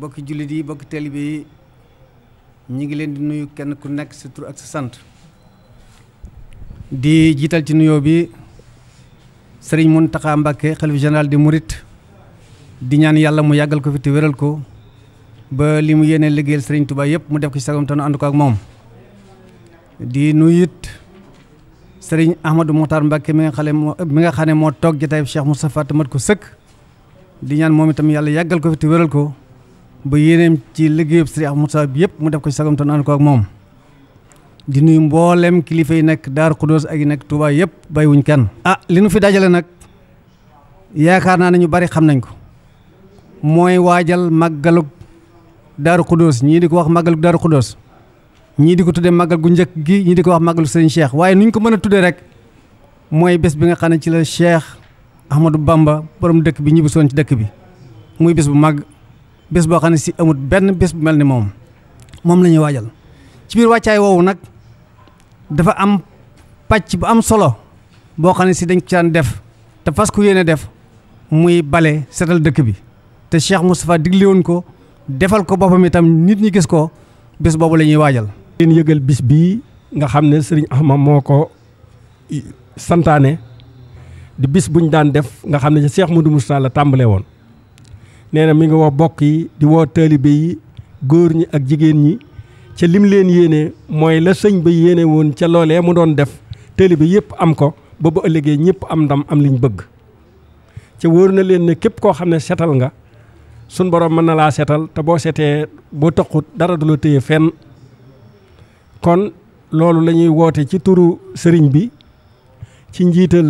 bokki jullit yi bokki taalibe bi ñu ngi leen di nuyu kenn ku nekk sa tur ak sa sant di jiital ci nuyoo bi sëriñ Mountakha Mbacké xalif général di murit di ñaan yàlla mu yàggal ko fi te wéral ko ba li mu yéene liggéeyal sëriñ Touba yëpp mu def ko ci sagam te nu ko ak moom di nuyu it sëriñ Ahmadou Mokhtar Mbacké mi nga xale moo mi nga xam ne moo toog jataay Cheikh Moustapha te mat ko sëkk di ñaan moom itam yàlla yàggal ko fi te wéral ko ba yéeneem ci liggéeyub Sëriñ Ahmadou Moussa bi yëpp mu def ko ci sagam te ànd ko ak moom di nuyu mboolem kilifa yi nekk Daaru Xuddoos ak yi nekk Touba yëpp wuñ kenn. ah li nu fi dajale nag yaakaar naa ne ñu bari xam nañ ko mooy waajal màggalug Daaru Xuddoos ñii di ko wax màggalug Daaru Xuddoos ñii di ko tuddee màggal gu njëkk gi ñii di ko wax màggalu Sëriñ Cheikh waaye nuñ ko mën a tuddee rek mooy bés bi nga xam ne ci la Cheikh Ahmadou bàmba borom dëkk bi ñibbisoon ci dëkk bi bés boo xam ne si amut benn bés bu mel ni moom moom la ñuy waajal ci biir wàccaay woowu nag dafa am pàcc bu am solo boo xam ne si dañ ci daan def te fas ku yéene def muy bale setal dëkk bi te Cheikh Moustapha digle woon ko defal ko boppam itam nit ñi gis ko bés boobu la ñuy waajal. leen yëgal bis bii nga xam ne Serigne Ahmad moo ko santaane di bis buñ daan def nga xam ne Cheikh Modou Moustapha la tàmbale woon. nee na mi ngi wax bokk yi di woo taalibe yi góor ñi ak jigéen ñi ca lim leen yéene mooy la sëñ ba yéene woon ca loolee mu doon def taalibe yëpp am ko ba bu ëllëgee ñëpp am ndam am liñ bëgg ca wóor na leen ne képp koo xam ne setal nga sun borom mën na laa setal te boo setee boo toqut dara du la téye fenn kon loolu lañuy woote ci turu sëriñ bi ci njiital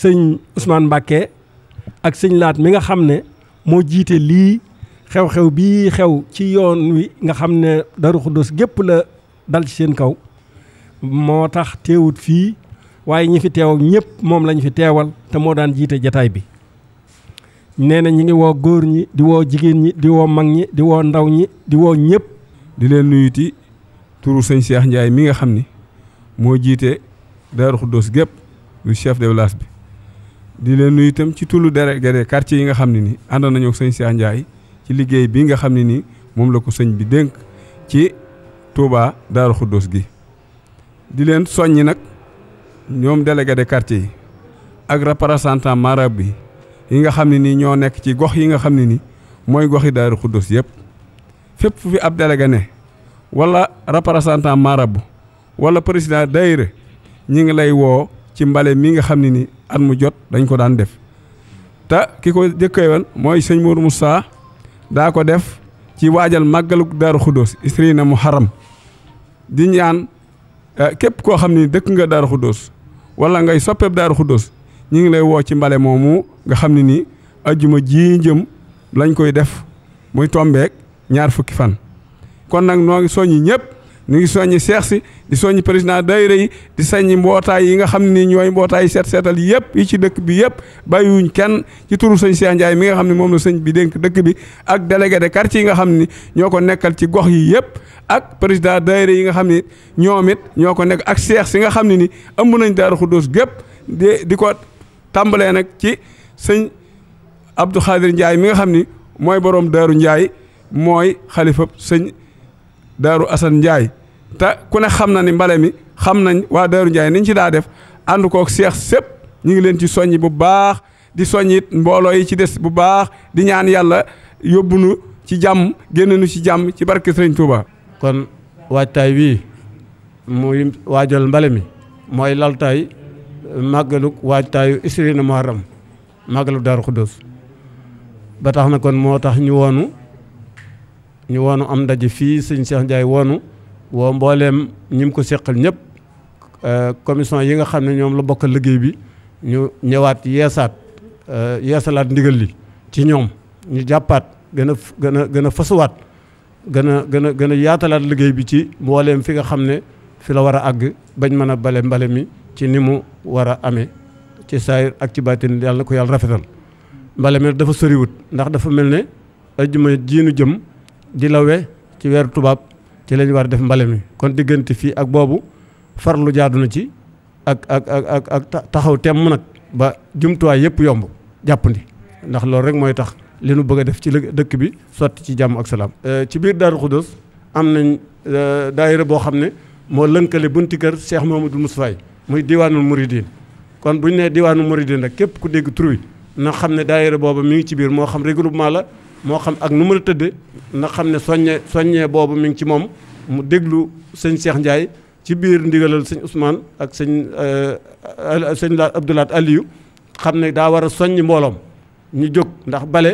sëñ Ousmane Mbacké ak sëñ Laat mi nga xam ne moo jiite lii xew-xew bii xew ci yoon wi nga xam ne Darou Khoudoss gépp la dal ci seen kaw moo tax teewut fii waaye ñi fi teew ñëpp moom lañu fi teewal te moo daan jiite jataay bi nee na ñi ngi woo góor ñi di woo jigéen ñi di woo mag ñi di woo ndaw ñi di woo ñëpp di leen nuyuti turu sëñ Cheikh Ndiaye mi nga xam ni moo jiite Darou Khoudoss gépp lu chef de village bi di leen nuyu itam ci tullu délégué quartier yi nga xam ne ni ànd nañu ak sëñ Cheikh Ndiaye ci liggéey bii nga xam ne ni moom la ko sëñ bi dénk ci Touba Daaru Xuddoos gi di leen soññi nag ñoom délégué de quartier yi ak représentant marab bi yi nga xam ne nii ñoo nekk ci gox yi nga xam ne ni mooy goxi Daaru Xuddoos yëpp fépp fu fi ab délégué ne wala représentant marabu wala président daayira ñu ngi lay woo ci mbale mi nga xam ne ni at mu jot dañ ko daan def te ki ko jëkkee woon mooy sëñ Mour Moussa daa ko def ci waajal màggalu Daaru Xuddoos istri na mu xaram di ñaan eh, képp koo xam ne dëkk nga Daaru Xuddoos wala ngay soppeeb Daaru Xuddoos ñu ngi lay woo ci mbale moomu nga xam ne nii ajjuma ji jëm lañ koy def muy tombeek ñaar fukki fan kon nag noo ngi soññi ñëpp. ñu ngi soññi seex si di soññi président daayira yi di saññi mbootaay yi nga xam ni ñooy mbootaay seet seetal yëpp yi ci dëkk bi yëpp bàyyiwuñ kenn ci turu sëñ Cheikh Ndiaye mi nga xam ne moom la sëñ bi dénk dëkk bi ak délégué de yi nga xam ni ñoo ko nekkal ci gox yi yëpp ak président daayira yi nga xam ni ñoom it ñoo ko nekk ak seex si nga xam ne ni ëmb nañ Daaru Xuddoos gépp di di ko tàmbalee nag ci sëñ Abdou Khadir Ndiaye mi nga xam ni mooy borom Daaru njaay mooy xalifa sëñ daaru Assane Ndiaye te ku ne xam na ni mbale mi xam nañ waa daaru Ndiaye niñ ci daa def àndukook kook seex sépp ñu ngi leen ci soññi bu baax di soññit mbooloo yi ci des bu baax di ñaan yàlla yóbbu nu ci jàmm génn nu ci jàmm ci barke Sëriñ Touba. kon waajtaay wii muy waajal mbale mi mooy laltaay màggaluk waajtaayu isriina Muharram màggaluk daaru Xuddoos ba tax na kon moo tax ñu woonu ñu woonu am ndaje fii sëñ Cheikh Ndiaye woonu woo mbooleem ñi mu ko seqal ñëpp euh, commission yi nga xam ne ñoom la bokkal liggéey bi ñu ñëwaat yeesaat euh, yeesalaat ndigal li ci ñoom ñu jàppaat gën a gën a gën a fasuwaat gën a gën a gën a yaatalaat liggéey bi ci mbooleem fi nga xam ne fi la war a àgg bañ mën a bale mbale mi ci ni mu war a amee ci saayir ak ci baatin yàlla na ko yàlla rafetal mbale mi dafa soriwut ndax dafa mel ne ajjuma jiinu jëm di lawe ci weeru tubaab ci la ñu war def mbale mi kon diggante fii ak boobu farlu jaadu na ci ak ak ak ak taxaw temm nag ba jumtuwaay yëpp yomb jàppandi ndax loolu rek mooy tax li nu bëgg a def ci dëkk bi sotti ci jàmm ak salaam. Euh, ci biir Daaru Xuddoos am nañ euh, daayira boo xam ne moo lënkale bunti kër Cheikh moomu Moustapha yi muy diwaanul Mouridine kon bu ñu nee diwaanul Mouridine rek képp ku dégg tur wi na xam ne daayira booba mu ngi ci biir moo xam regroupement la. moo xam ak nu mu la tëdd na xam ne soññe soññee boobu mu ngi ci moom mu déglu sëñ Cheikh Ndiaye ci biir ndigalal sëñ Ousmane ak sëñ euh, sëñ laa Abdoulaat Aliou xam ne daa war a soññ mbooloom ñu jóg ndax bale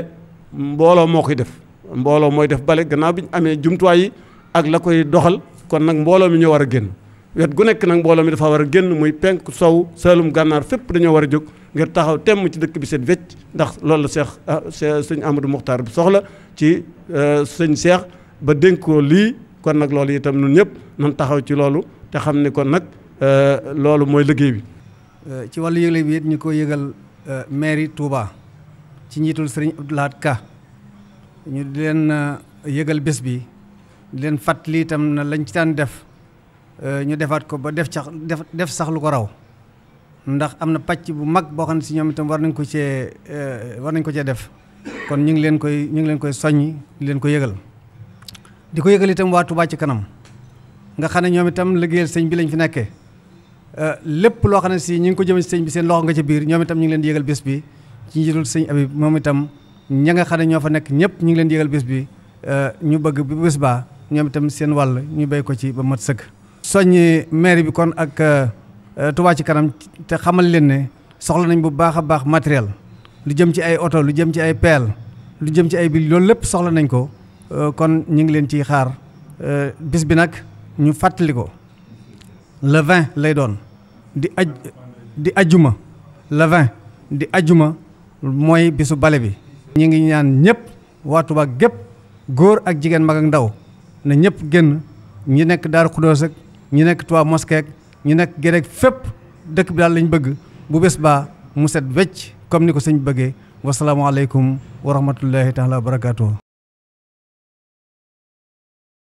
mbooloo moo koy def mbooloo mooy def bale gannaaw bi ñu amee jumtuwaay yi ak la koy doxal kon nag mbooloo mi ñu war a génn wet gu nekk nag mbooloo mi dafa war a génn muy penk sow saalum gànnaar fépp dañoo war a jóg ngir taxaw temm ci dëkk bi set wecc ndax loolu la seex ah, sëñ Amadou Mokhtar bi soxla ci eh, sëñ seex ba dénkoo lii kon nag loolu itam ñun ñëpp nan taxaw ci loolu te xam ne kon nag eh, loolu mooy liggéey bi. Eh, ci wàllu yëgle bi it ñu ko yëgal mairie Touba ci njiitul sëriñ Abdou Ka ñu di leen yëgal bés bi di leen fàttali itam na lañ ci taan def. Euh, ñu defaat ko ba def sax def def sax lu ko raw ndax am na pàcc bu mag boo xam ne si ñoom itam war nañ ko cee euh, war nañ ko cee def kon ñu ngi leen koy ñu ngi leen koy soññi leen ko yëgal di ko yëgal itam waa Touba ci kanam nga xam ne ñoom itam liggéeyal sëñ bi lañu fi nekkee euh, lépp loo xam ne si ñu ngi ko jëme sëñ bi seen loxo nga ci biir ñoom itam ñu ngi leen di yëgal bés bi ci njiitul sëñ Abib moom itam ña xam ne ñoo fa nekk ñëpp ñu ngi leen di yëgal bés bi ñu bëgg bu bés baa ñoom itam seen wàll ñu béy ko ci ba mat sëkk soññ maire bi kon ak euh, euh, tubaa ci kanam te xamal leen ne soxla nañ bu baax a baax matériel lu jëm ci ay oto lu jëm ci ay peel lu jëm ci ay bi loolu lépp soxla nañ ko euh, kon ñu ngi leen ciy xaar bis bi nag ñu fàttali ko le 20 lay doon di aj di ajuma le di ajuma mooy bisu bale bi ñu ngi ñaan ñëpp waa Touba gépp góor ak jigéen mag ak ndaw na ñëpp génn ñu nekk daar Xuddoos ak ñu nekk Touba mosquée ñu nekk Guédé fépp dëkk bi daal lañ bëgg bu bés baa mu set wecc comme ni ko sëñ bëggee wasalaamaaleykum wa rahmatullahi taala wa barakaatu.